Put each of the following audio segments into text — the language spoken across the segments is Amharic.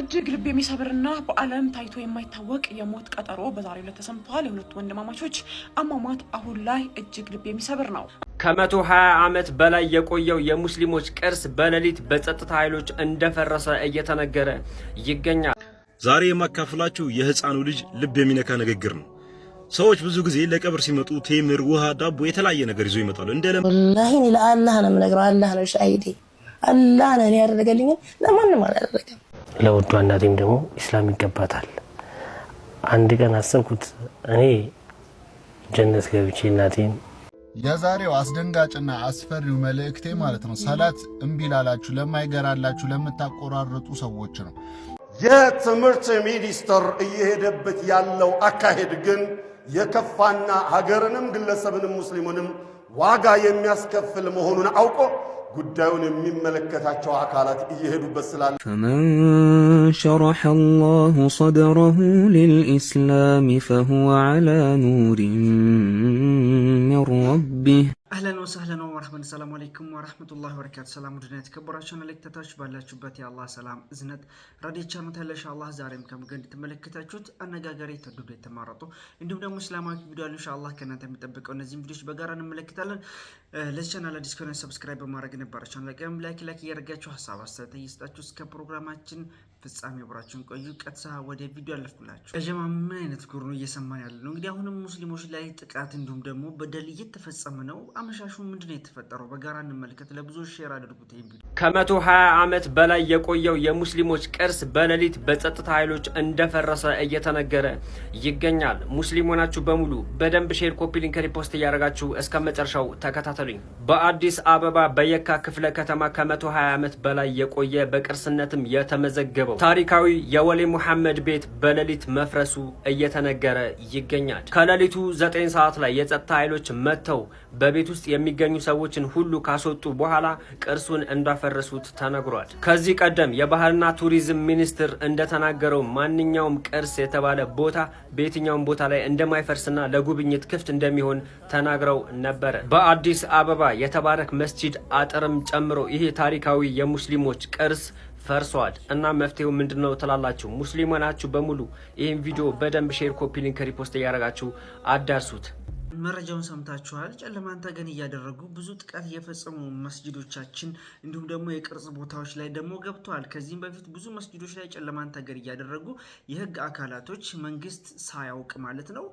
እጅግ ልብ የሚሰብርና በዓለም ታይቶ የማይታወቅ የሞት ቀጠሮ በዛሬው ዕለት ተሰምቷል። የሁለቱ ወንድማማቾች አሟሟት አሁን ላይ እጅግ ልብ የሚሰብር ነው። ከመቶ 20 ዓመት በላይ የቆየው የሙስሊሞች ቅርስ በሌሊት በጸጥታ ኃይሎች እንደፈረሰ እየተነገረ ይገኛል። ዛሬ የማካፍላችሁ የህፃኑ ልጅ ልብ የሚነካ ንግግር ነው። ሰዎች ብዙ ጊዜ ለቀብር ሲመጡ ቴምር፣ ውሃ፣ ዳቦ የተለያየ ነገር ይዞ ይመጣሉ። እንደ ወላሂ ለአላህ ነው የምነግረው። አላህ ነው ሻሂዴ። አላህ ነው ያደረገልኝን ለማንም አላደረገም ለውዷ እናቴም ደግሞ ኢስላም ይገባታል። አንድ ቀን አሰብኩት እኔ ጀነት ገብቼ እናቴን የዛሬው አስደንጋጭና አስፈሪው መልእክቴ ማለት ነው ሰላት እምቢ ላላችሁ፣ ለማይገራላችሁ፣ ለምታቆራርጡ ሰዎች ነው። የትምህርት ሚኒስቴር እየሄደበት ያለው አካሄድ ግን የከፋና ሀገርንም ግለሰብንም ሙስሊሙንም ዋጋ የሚያስከፍል መሆኑን አውቆ ጉዳዩን የሚመለከታቸው አካላት እየሄዱበት ስላለ ፈመን ሸረሐ አላሁ ሰድረሁ ሊልኢስላም ፈሁወ ዐላ ኑሪን ሚን ረቢህ። አህለን ወሰህለን ወረሕመን ሰላሙ አለይኩም ወረሕመቱላሂ ወበረካቱ። ሰላም ውድና የተከበራችሁ ተመልካቾች ባላችሁበት የአላህ ሰላም እዝነት ረዴቻኑ ተለሽ አላህ ዛሬም ከምገ እንደተመለከታችሁት አነጋጋሪ የተወደዱ የተማረጡ እንዲሁም ደግሞ እስላማዊ ቪዲዮ አሉ። ኢንሻአላህ ከእናንተ የሚጠብቀው እነዚህም ቪዲዮች በጋራ እንመለከታለን። Eh, ለዚህ ቻናል አዲስ ከሆነ ሰብስክራይብ በማድረግ ነበር ቻናል ላይክ ላይክ እያደረጋችሁ ሀሳብ አስተያየት እየሰጣችሁ እስከ ፕሮግራማችን ፍጻሜ አብራችሁን ቆዩ። ቀጥታ ወደ ቪዲዮ አለፍኩላችሁ። ረጀማ ምን አይነት ጉር ነው እየሰማን ያለ ነው? እንግዲህ አሁንም ሙስሊሞች ላይ ጥቃት እንዲሁም ደግሞ በደል እየተፈጸመ ነው። አመሻሹ ምንድነው የተፈጠረው? በጋራ እንመልከት። ለብዙ ሼር አድርጉት። ቪዲዮ። ከመቶ ሀያ ዓመት በላይ የቆየው የሙስሊሞች ቅርስ በሌሊት በጸጥታ ኃይሎች እንደፈረሰ እየተነገረ ይገኛል። ሙስሊም ሆናችሁ በሙሉ በደንብ ሼር፣ ኮፒ ሊንክ፣ ሪፖስት እያደረጋችሁ እስከ መጨረሻው ተከታተሉኝ። በአዲስ አበባ በየካ ክፍለ ከተማ ከመቶ ሀያ ዓመት በላይ የቆየ በቅርስነትም የተመዘገበ ታሪካዊ የወሌ ሙሐመድ ቤት በሌሊት መፍረሱ እየተነገረ ይገኛል። ከሌሊቱ ዘጠኝ ሰዓት ላይ የጸጥታ ኃይሎች መጥተው በቤት ውስጥ የሚገኙ ሰዎችን ሁሉ ካስወጡ በኋላ ቅርሱን እንዳፈረሱት ተነግሯል። ከዚህ ቀደም የባህልና ቱሪዝም ሚኒስቴር እንደተናገረው ማንኛውም ቅርስ የተባለ ቦታ በየትኛውም ቦታ ላይ እንደማይፈርስና ለጉብኝት ክፍት እንደሚሆን ተናግረው ነበረ። በአዲስ አበባ የተባረክ መስጂድ አጥርም ጨምሮ ይሄ ታሪካዊ የሙስሊሞች ቅርስ ፈርሷል እና መፍትሄው ምንድን ነው ትላላችሁ? ሙስሊም ናችሁ በሙሉ ይህን ቪዲዮ በደንብ ሼር፣ ኮፒ ሊንክ፣ ሪፖስት እያደረጋችሁ አዳርሱት። መረጃውን ሰምታችኋል። ጨለማን ተገን እያደረጉ ብዙ ጥቃት እየፈጸሙ መስጅዶቻችን እንዲሁም ደግሞ የቅርጽ ቦታዎች ላይ ደግሞ ገብተዋል። ከዚህም በፊት ብዙ መስጅዶች ላይ ጨለማን ተገን እያደረጉ የህግ አካላቶች መንግስት ሳያውቅ ማለት ነው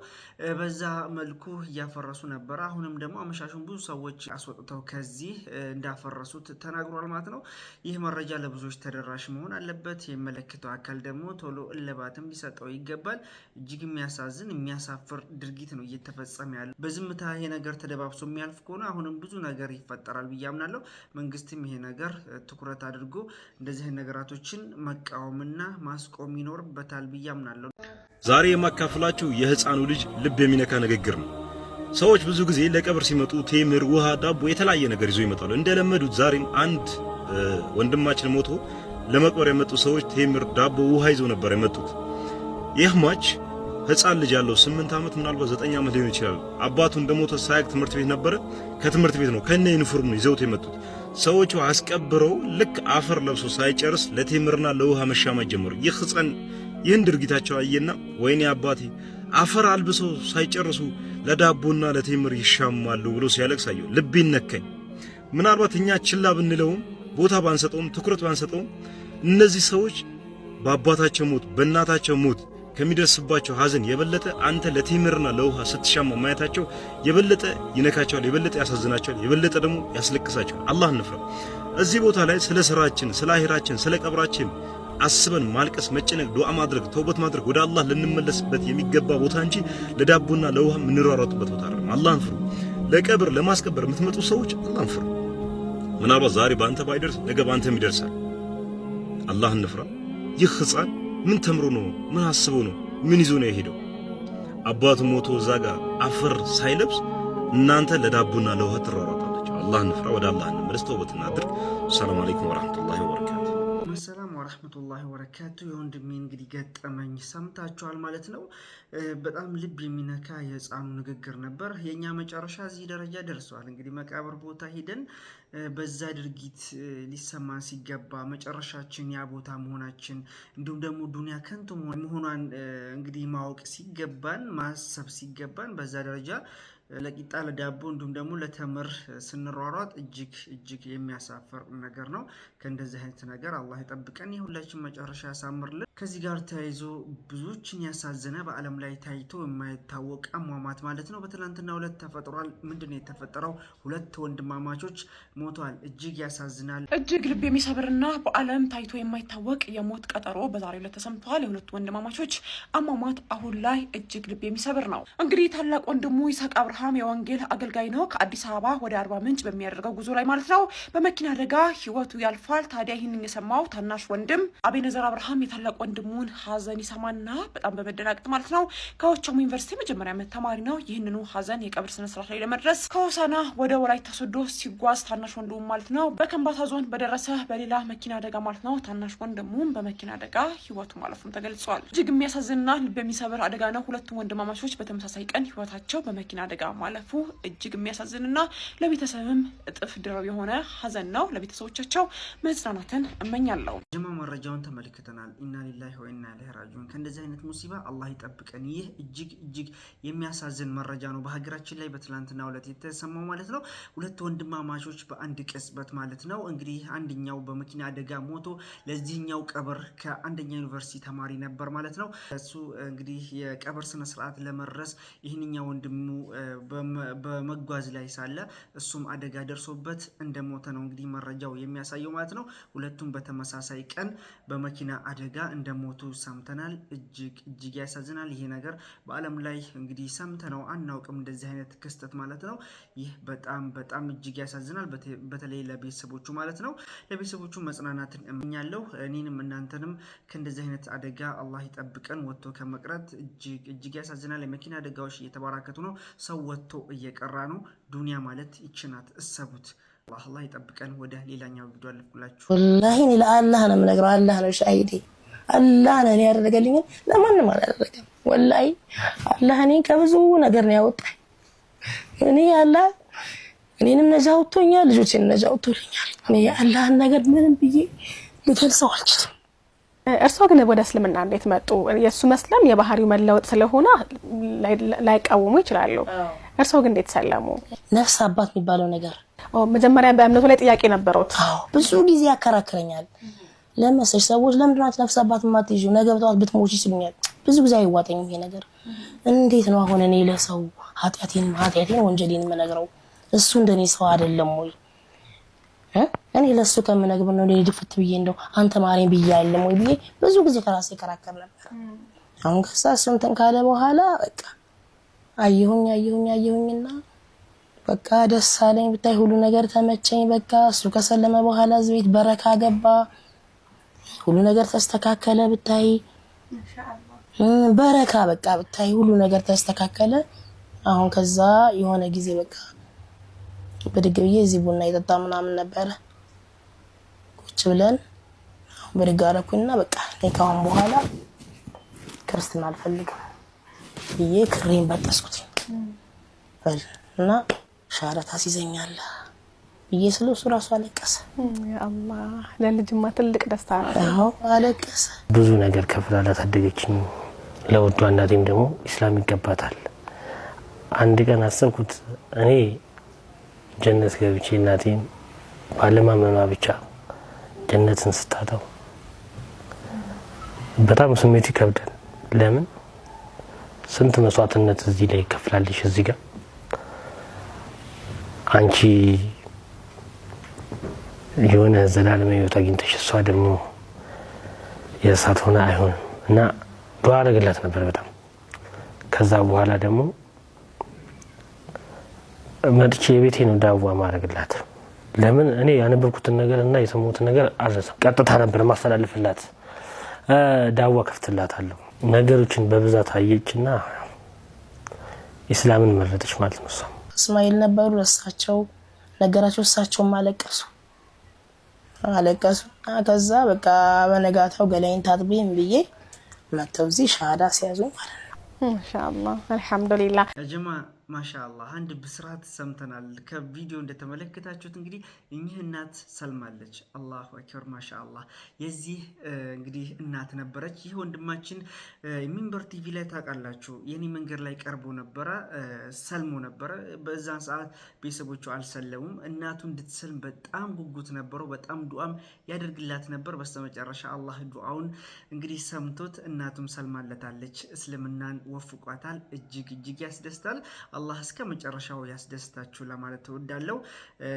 በዛ መልኩ እያፈረሱ ነበረ። አሁንም ደግሞ አመሻሹን ብዙ ሰዎች አስወጥተው ከዚህ እንዳፈረሱት ተናግሯል ማለት ነው። ይህ መረጃ ለብዙዎች ተደራሽ መሆን አለበት። የሚመለከተው አካል ደግሞ ቶሎ እልባትም ሊሰጠው ይገባል። እጅግ የሚያሳዝን የሚያሳፍር ድርጊት ነው እየተፈጸመ ያለ ይችላል። በዝምታ ይሄ ነገር ተደባብሶ የሚያልፍ ከሆነ አሁንም ብዙ ነገር ይፈጠራል ብዬ አምናለሁ። መንግስትም ይሄ ነገር ትኩረት አድርጎ እንደዚህ ነገራቶችን መቃወምና ማስቆም ይኖርበታል ብዬ አምናለሁ። ዛሬ የማካፍላችሁ የህፃኑ ልጅ ልብ የሚነካ ንግግር ነው። ሰዎች ብዙ ጊዜ ለቀብር ሲመጡ ቴምር፣ ውሃ፣ ዳቦ የተለያየ ነገር ይዞ ይመጣሉ። እንደለመዱት ዛሬም አንድ ወንድማችን ሞቶ ለመቅበር የመጡ ሰዎች ቴምር፣ ዳቦ፣ ውሃ ይዞ ነበር የመጡት። ይህ ሟች ህፃን ልጅ ያለው ስምንት ዓመት ምናልባት ዘጠኝ ዓመት ሊሆን ይችላል። አባቱ እንደሞተ ሳያቅ ትምህርት ቤት ነበረ። ከትምህርት ቤት ነው ከነ ዩኒፎርም ነው ይዘውት የመጡት ሰዎቹ አስቀብረው ልክ አፈር ለብሶ ሳይጨርስ ለቴምርና ለውሃ መሻማት ጀመሩ። ይህ ህፃን ይህን ድርጊታቸው አየና ወይኔ አባቴ አፈር አልብሰው ሳይጨርሱ ለዳቦና ለቴምር ይሻማሉ ብሎ ሲያለቅስ አየሁ። ልቤን ነካኝ። ምናልባት እኛ ችላ ብንለውም ቦታ ባንሰጠውም ትኩረት ባንሰጠውም እነዚህ ሰዎች በአባታቸው ሞት በእናታቸው ሞት ከሚደርስባቸው ሀዘን የበለጠ አንተ ለቴምርና ለውሃ ስትሻማ ማየታቸው የበለጠ ይነካቸዋል፣ የበለጠ ያሳዝናቸዋል፣ የበለጠ ደግሞ ያስለቅሳቸዋል። አላህ እንፍራው። እዚህ ቦታ ላይ ስለ ስራችን፣ ስለ አሄራችን ስለ ቀብራችን አስበን ማልቀስ፣ መጨነቅ፣ ዱዓ ማድረግ፣ ተውበት ማድረግ ወደ አላህ ልንመለስበት የሚገባ ቦታ እንጂ ለዳቦና ለውሃ የምንሯሯጥበት ቦታ አይደለም። አላህ ፍሩ። ለቀብር ለማስቀበር የምትመጡ ሰዎች አላህ ፍሩ። ምናልባት ዛሬ በአንተ ባይደርስ ነገ በአንተም ይደርሳል። አላህ እንፍራ። ይህ ህፃን ምን ተምሮ ነው? ምን አስቦ ነው? ምን ይዞ ነው የሄደው? አባቱ ሞቶ እዛ ጋር አፈር ሳይለብስ እናንተ ለዳቦና ለውሃ ትሯሯጣለች። አላህ ንፍራ፣ ወደ አላህ እንመለስ፣ ተውበት እናድርግ። ሰላም አለይኩም ወራህመቱላሂ ወረህመቱላሂ ወበረካቱ የወንድሜ እንግዲህ ገጠመኝ ሰምታችኋል ማለት ነው። በጣም ልብ የሚነካ የህፃኑ ንግግር ነበር። የእኛ መጨረሻ እዚህ ደረጃ ደርሰዋል። እንግዲህ መቃብር ቦታ ሄደን በዛ ድርጊት ሊሰማን ሲገባ መጨረሻችን ያ ቦታ መሆናችን እንዲሁም ደግሞ ዱኒያ ከንቱ መሆኗን እንግዲህ ማወቅ ሲገባን ማሰብ ሲገባን በዛ ደረጃ ለቂጣ ለዳቦ እንዲሁም ደግሞ ለተምር ስንሯሯጥ እጅግ እጅግ የሚያሳፍር ነገር ነው። ከእንደዚህ አይነት ነገር አላህ ይጠብቀን። የሁላችን መጨረሻ ያሳምርልን። ከዚህ ጋር ተያይዞ ብዙዎችን ያሳዘነ በዓለም ላይ ታይቶ የማይታወቅ አሟሟት ማለት ነው በትናንትናው ሁለት ተፈጥሯል። ምንድን ነው የተፈጠረው? ሁለት ወንድማማቾች ሞተዋል። እጅግ ያሳዝናል። እጅግ ልብ የሚሰብርና በዓለም ታይቶ የማይታወቅ የሞት ቀጠሮ በዛሬው ዕለት ተሰምተዋል። የሁለቱ ወንድማማቾች አሟሟት አሁን ላይ እጅግ ልብ የሚሰብር ነው። እንግዲህ ታላቅ ወንድሙ ይስሐቅ አብርሃም የወንጌል አገልጋይ ነው። ከአዲስ አበባ ወደ አርባ ምንጭ በሚያደርገው ጉዞ ላይ ማለት ነው በመኪና አደጋ ህይወቱ ያልፋል። ታዲያ ይህንን የሰማው ታናሽ ወንድም አቤነዘር አብርሃም የታላቅ የወንድሙን ሀዘን ይሰማና በጣም በመደናቀጥ ማለት ነው ከወቸውም ዩኒቨርሲቲ መጀመሪያ ዓመት ተማሪ ነው። ይህንኑ ሀዘን የቀብር ስነስርዓት ላይ ለመድረስ ከሆሳና ወደ ወላይታ ሶዶ ሲጓዝ ታናሽ ወንድሙ ማለት ነው በከምባታ ዞን በደረሰ በሌላ መኪና አደጋ ማለት ነው ታናሽ ወንድሙም በመኪና አደጋ ህይወቱ ማለፉም ተገልጿል። እጅግ የሚያሳዝንና ልብ የሚሰብር አደጋ ነው። ሁለቱም ወንድማማቾች በተመሳሳይ ቀን ህይወታቸው በመኪና አደጋ ማለፉ እጅግ የሚያሳዝንና ለቤተሰብም እጥፍ ድረው የሆነ ሀዘን ነው። ለቤተሰቦቻቸው መጽናናትን እመኛለሁ። ጀማ መረጃውን ተመልክተናል። ሊላሂ ወኢና ኢለይሂ ራጂዑን። ከእንደዚህ አይነት ሙሲባ አላህ ይጠብቀን። ይህ እጅግ እጅግ የሚያሳዝን መረጃ ነው በሀገራችን ላይ በትላንትና ሁለት የተሰማው ማለት ነው። ሁለት ወንድማማቾች በአንድ ቅጽበት ማለት ነው እንግዲህ አንደኛው በመኪና አደጋ ሞቶ ለዚህኛው ቀብር ከአንደኛ ዩኒቨርሲቲ ተማሪ ነበር ማለት ነው። እሱ እንግዲህ የቀብር ስነ ስርዓት ለመድረስ ይህንኛ ወንድሙ በመጓዝ ላይ ሳለ እሱም አደጋ ደርሶበት እንደሞተ ነው እንግዲህ መረጃው የሚያሳየው ማለት ነው። ሁለቱም በተመሳሳይ ቀን በመኪና አደጋ እንደሞቱ ሰምተናል። እጅግ እጅግ ያሳዝናል። ይሄ ነገር በዓለም ላይ እንግዲህ ሰምተነው አናውቅም እንደዚህ አይነት ክስተት ማለት ነው። ይህ በጣም በጣም እጅግ ያሳዝናል። በተለይ ለቤተሰቦቹ ማለት ነው። ለቤተሰቦቹ መጽናናትን እመኛለሁ። እኔንም እናንተንም ከእንደዚህ አይነት አደጋ አላህ ይጠብቀን። ወጥቶ ከመቅረት እጅግ እጅግ ያሳዝናል። የመኪና አደጋዎች እየተበራከቱ ነው። ሰው ወጥቶ እየቀራ ነው። ዱኒያ ማለት ይችናት። እሰቡት። አላህ ይጠብቀን። ወደ ሌላኛው ቪዲዮ አልኩላችሁ። ወላሂ ለአላህ ነው የምነግረው። አላህ ነው ሻሂዴ አላህ ለኔ ያደረገልኝን ለማንም አላደረገም። ወላሂ አላህ እኔን ከብዙ ነገር ነው ያወጣኝ። እኔ አላህ እኔንም ነጃ ወጥቶኛል፣ ልጆቼን ነጃ ወጥቶልኛል። እኔ አላህን ነገር ምንም ብዬ ልገልጸው አልችልም። እርሶ ግን ወደ እስልምና እንዴት መጡ? የእሱ መስለም የባህሪው መለወጥ ስለሆነ ላይቃወሙ ይችላሉ። እርሶ ግን እንዴት ሰለሙ? ነፍስ አባት የሚባለው ነገር መጀመሪያ በእምነቱ ላይ ጥያቄ ነበሩት? ብዙ ጊዜ ያከራክረኛል ለመሰች ሰዎች ለምንድን ነው አትነፍሳባት የማትይዥው ነገ በጠዋት ብትሞች ይስሉኛል። ብዙ ጊዜ አይዋጠኝም ይሄ ነገር። እንዴት ነው አሁን እኔ ለሰው ኃጢአቴን ኃጢአቴን ወንጀሌን የምነግረው? እሱ እንደኔ ሰው አይደለም ወይ? እኔ ለእሱ ከምነግር ነው ሌ ድፍት ብዬ እንደው አንተ ማሪን ብዬ አይደለም ወይ ብዬ ብዙ ጊዜ ከራሴ ይከራከር ነበር። አሁን ከሳ እሱ እንትን ካለ በኋላ በቃ አየሁኝ አየሁኝ አየሁኝና በቃ ደስ አለኝ ብታይ ሁሉ ነገር ተመቸኝ። በቃ እሱ ከሰለመ በኋላ እዚህ ቤት በረካ ገባ። ሁሉ ነገር ተስተካከለ ብታይ በረካ በቃ ብታይ ሁሉ ነገር ተስተካከለ። አሁን ከዛ የሆነ ጊዜ በቃ ብድግ ብዬ እዚህ ቡና የጠጣ ምናምን ነበረ ቁጭ ብለን ብድግ አረኩኝና በቃ ከአሁን በኋላ ክርስትና አልፈልግም ብዬ ክሬን በጠስኩት እና ሻረት አስይዘኛለህ ብዬ ስለ እሱ ራሱ አለቀሰ። ለልጅማ ትልቅ ደስታ ነው። አለቀሰ። ብዙ ነገር ከፍላ ላሳደገችኝ ለውዷ እናቴም ደግሞ ኢስላም ይገባታል። አንድ ቀን አሰብኩት እኔ ጀነት ገብቼ እናቴን ባለማመኗ ብቻ ጀነትን ስታተው በጣም ስሜት ይከብዳል። ለምን ስንት መስዋዕትነት እዚህ ላይ ይከፍላለች እዚህ ጋር አንቺ የሆነ ዘላለም ህይወት አግኝተሽ እሷ ደግሞ የእሳት ሆነ አይሆንም እና ዱዓ አረግላት ነበር በጣም ከዛ በኋላ ደግሞ መጥቼ የቤቴ ነው ዳዋ ማድረግላት ለምን እኔ ያነበብኩትን ነገር እና የሰሙትን ነገር አረሰ ቀጥታ ነበር ማስተላልፍላት ዳዋ ከፍትላታለሁ። ነገሮችን በብዛት አየችና ኢስላምን መረጠች ማለት ነው። እሷም እስማኤል ነበሩ እሳቸው ነገራቸው እሳቸውን ማለቀሱ እና ከዛ በቃ በነጋታው ገላይን ታጥቤም ብዬ መተው እዚህ ሻሃዳ ሲያዙ ማለት ነው። ማሻአላህ አልሐምዱሊላህ ማሻአላህ አንድ ብስራት ሰምተናል። ከቪዲዮ እንደተመለከታችሁት እንግዲህ እኚህ እናት ሰልማለች። አላሁ አክበር ማሻአላህ። የዚህ እንግዲህ እናት ነበረች። ይህ ወንድማችን ሚንበር ቲቪ ላይ ታውቃላችሁ፣ የኔ መንገድ ላይ ቀርቦ ነበረ፣ ሰልሞ ነበረ። በዛን ሰዓት ቤተሰቦቹ አልሰለሙም። እናቱ እንድትሰልም በጣም ጉጉት ነበረው። በጣም ዱዓም ያደርግላት ነበር። በስተመጨረሻ አላህ ዱዓውን እንግዲህ ሰምቶት እናቱም ሰልማለታለች። እስልምናን ወፍቋታል። እጅግ እጅግ ያስደስታል። አላህ እስከ መጨረሻው ያስደስታችሁ ለማለት እወዳለሁ።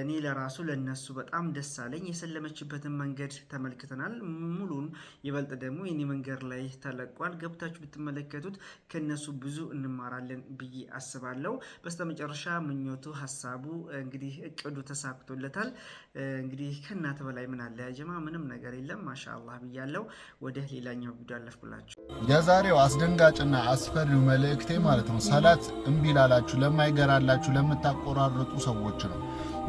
እኔ ለራሱ ለነሱ በጣም ደስ አለኝ። የሰለመችበትን መንገድ ተመልክተናል። ሙሉን ይበልጥ ደግሞ የኔ መንገድ ላይ ተለቋል። ገብታችሁ ብትመለከቱት ከነሱ ብዙ እንማራለን ብዬ አስባለሁ። በስተመጨረሻ ምኞቱ፣ ሀሳቡ እንግዲህ እቅዱ ተሳክቶለታል። እንግዲህ ከእናንተ በላይ ምን አለ ጀማ? ምንም ነገር የለም። ማሻ አላህ ብያለሁ። ወደ ሌላኛው ቪዲዮ አለፍኩላችሁ። የዛሬው አስደንጋጭና አስፈሪው መልእክቴ ማለት ነው ሰላት እምቢ ላላችሁ ለማይገባችሁ፣ ለማይገራላችሁ፣ ለምታቆራርጡ ሰዎች ነው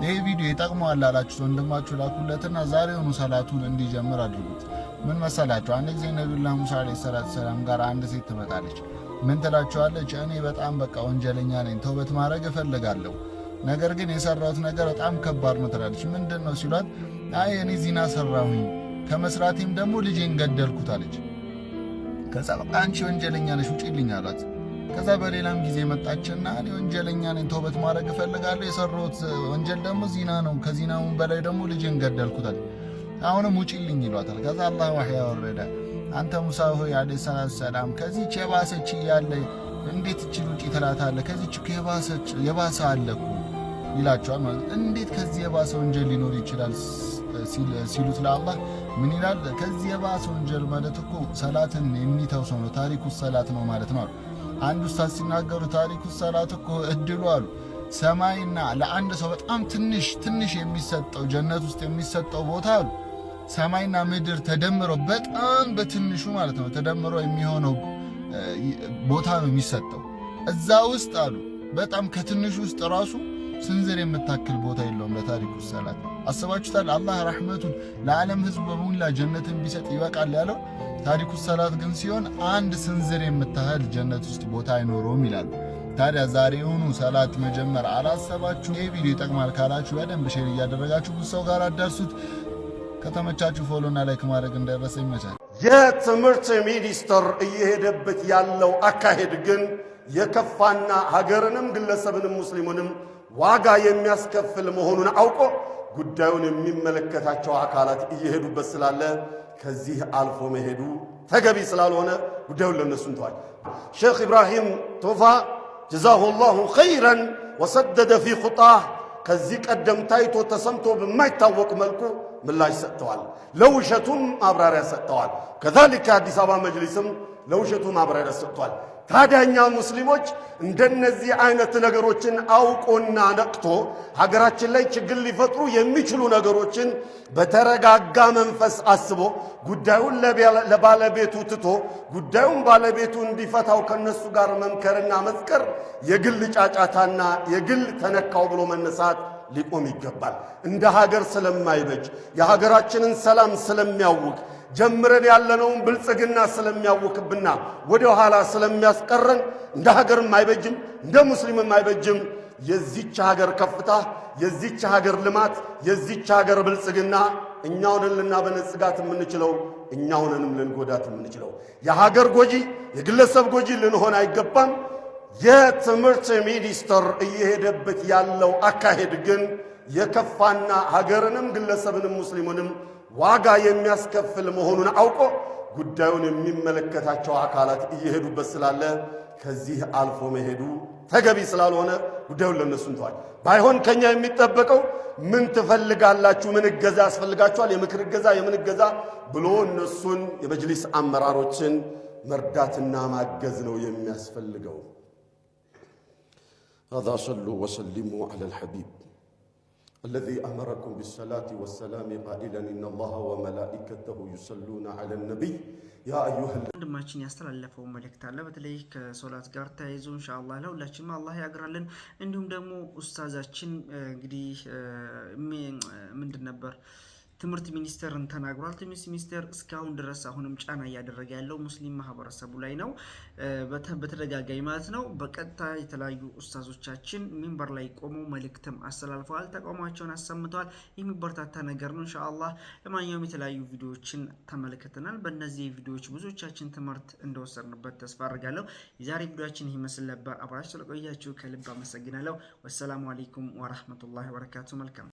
ይህ ቪዲዮ ይጠቅመዋል ላላችሁ ወንድማችሁ ላኩለትና ዛሬውኑ ሰላቱን እንዲጀምር አድርጉት። ምን መሰላችሁ? አንድ ጊዜ ነቢዩላህ ሙሳ ዓለይሂ ሰላቱ ሰላም ጋር አንድ ሴት ትመጣለች። ምን ትላችኋለች? እኔ በጣም በቃ ወንጀለኛ ነኝ፣ ተውበት ማድረግ እፈልጋለሁ፣ ነገር ግን የሰራሁት ነገር በጣም ከባድ ነው ትላለች። ምንድን ነው ሲሏት፣ አይ እኔ ዚና ሰራሁኝ፣ ከመስራቴም ደግሞ ልጄን ገደልኩት አለች። ከዛ አንቺ ወንጀለኛ ነሽ ውጪልኝ አሏት። ከዛ በሌላም ጊዜ መጣችና እኔ ወንጀለኛ ነኝ፣ ተውበት ማድረግ እፈልጋለሁ፣ የሰራሁት ወንጀል ደግሞ ዚና ነው፣ ከዚናውን በላይ ደግሞ ልጅን ገደልኩታል፣ አሁንም ውጪልኝ ይሏታል። ከዛ አላህ ዋህ ያወረደ አንተ ሙሳ ሆይ አለ ሰላት ሰላም ከዚች የባሰች እያለ እንዴት እችል ውጪ ትላታለህ? ከዚች የባሰች የባሰ አለኩ ይላቸዋል ማለት እንዴት ከዚህ የባሰ ወንጀል ሊኖር ይችላል ሲሉት ለአላህ ምን ይላል? ከዚህ የባሰ ወንጀል ማለት እኮ ሰላትን የሚተው ሰው ነው ታሪኩ ሰላት ነው ማለት ነው። አንድ ኡስታዝ ሲናገሩ ታሪኩ ሰላት እኮ እድሉ አሉ ሰማይና ለአንድ ሰው በጣም ትንሽ ትንሽ የሚሰጠው ጀነት ውስጥ የሚሰጠው ቦታ አሉ ሰማይና ምድር ተደምሮ በጣም በትንሹ ማለት ነው ተደምሮ የሚሆነው ቦታ ነው የሚሰጠው። እዛ ውስጥ አሉ በጣም ከትንሹ ውስጥ ራሱ ስንዝር የምታክል ቦታ የለውም ለታሪኩ ሰላት። አስባችሁታል? አላህ ረሕመቱን ለዓለም ህዝብ በሙላ ጀነትን ቢሰጥ ይበቃል ያለው ታሪኩ ሰላት ግን ሲሆን አንድ ስንዝር የምታህል ጀነት ውስጥ ቦታ አይኖረውም ይላሉ። ታዲያ ዛሬውኑ ሰላት መጀመር አላሰባችሁ? ይህ ቪዲዮ ይጠቅማል ካላችሁ በደንብ ሼር እያደረጋችሁ ብዙ ሰው ጋር አዳርሱት። ከተመቻችሁ ፎሎና ላይክ ማድረግ እንዳይረሰ ይመቻል። የትምህርት ሚኒስቴር እየሄደበት ያለው አካሄድ ግን የከፋና ሀገርንም ግለሰብንም ሙስሊሙንም ዋጋ የሚያስከፍል መሆኑን አውቆ ጉዳዩን የሚመለከታቸው አካላት እየሄዱበት ስላለ ከዚህ አልፎ መሄዱ ተገቢ ስላልሆነ ጉዳዩን ለእነሱ እንተዋል። ሼክ ኢብራሂም ቶፋ ጀዛሁ ላሁ ኸይረን ወሰደደ ፊ ቁጣህ ከዚህ ቀደም ታይቶ ተሰምቶ በማይታወቅ መልኩ ምላሽ ሰጥተዋል። ለውሸቱም ማብራሪያ ሰጥተዋል። ከዛሊከ አዲስ አበባ መጅሊስም ለውሸቱ ማብራሪያ ሰጥተዋል። ታዲያኛ ሙስሊሞች እንደነዚህ አይነት ነገሮችን አውቆና ነቅቶ ሀገራችን ላይ ችግር ሊፈጥሩ የሚችሉ ነገሮችን በተረጋጋ መንፈስ አስቦ ጉዳዩን ለባለቤቱ ትቶ ጉዳዩን ባለቤቱ እንዲፈታው ከነሱ ጋር መምከርና መፍቀር የግል ጫጫታና የግል ተነካው ብሎ መነሳት ሊቆም ይገባል። እንደ ሀገር ስለማይበጅ የሀገራችንን ሰላም ስለሚያውቅ ጀምረን ያለነውን ብልጽግና ስለሚያውክብና ወደ ኋላ ስለሚያስቀረን እንደ ሀገርም አይበጅም፣ እንደ ሙስሊምም አይበጅም። የዚች ሀገር ከፍታ፣ የዚች ሀገር ልማት፣ የዚች ሀገር ብልጽግና እኛውንን ልናበነጽጋት የምንችለው እኛውንንም ልንጎዳት የምንችለው የሀገር ጎጂ የግለሰብ ጎጂ ልንሆን አይገባም። የትምህርት ሚኒስቴር እየሄደበት ያለው አካሄድ ግን የከፋና ሀገርንም ግለሰብንም ሙስሊሙንም ዋጋ የሚያስከፍል መሆኑን አውቆ ጉዳዩን የሚመለከታቸው አካላት እየሄዱበት ስላለ ከዚህ አልፎ መሄዱ ተገቢ ስላልሆነ ጉዳዩን ለነሱ እንተዋል። ባይሆን ከኛ የሚጠበቀው ምን ትፈልጋላችሁ? ምን እገዛ ያስፈልጋችኋል? የምክር እገዛ፣ የምን እገዛ ብሎ እነሱን የመጅሊስ አመራሮችን መርዳትና ማገዝ ነው የሚያስፈልገው። هذا صلوا وسلموا على الحبيب አለዚ አመረኩም بالصلاة ወሰላም قائلا إن ወመላኢከተሁ ዩሰሉነ يصلون على ያ አዩህ ወንድማችን ያስተላለፈው መልእክት አለ። በተለይ ከሶላት ጋር ተያይዞ እንሻላ ለሁላችንም አላህ ያግራልን። እንዲሁም ደግሞ ኡስታዛችን እንግዲህ ምንድን ነበር ትምህርት ሚኒስቴርን ተናግሯል። ትምህርት ሚኒስቴር እስካሁን ድረስ አሁንም ጫና እያደረገ ያለው ሙስሊም ማህበረሰቡ ላይ ነው፣ በተደጋጋሚ ማለት ነው። በቀጥታ የተለያዩ ኡስታዞቻችን ሚንበር ላይ ቆመው መልእክትም አስተላልፈዋል፣ ተቃውሟቸውን አሰምተዋል። የሚበረታታ ነገር ነው ኢንሻአላህ። ለማንኛውም የተለያዩ ቪዲዮዎችን ተመልክተናል። በእነዚህ ቪዲዮዎች ብዙዎቻችን ትምህርት እንደወሰድንበት ተስፋ አድርጋለሁ። የዛሬ ቪዲዮችን ይመስል ነበር። አብራችሁ ስለቆያችሁ ከልብ አመሰግናለሁ። ወሰላሙ አሌይኩም ወረህመቱላሂ ወበረካቱ። መልካም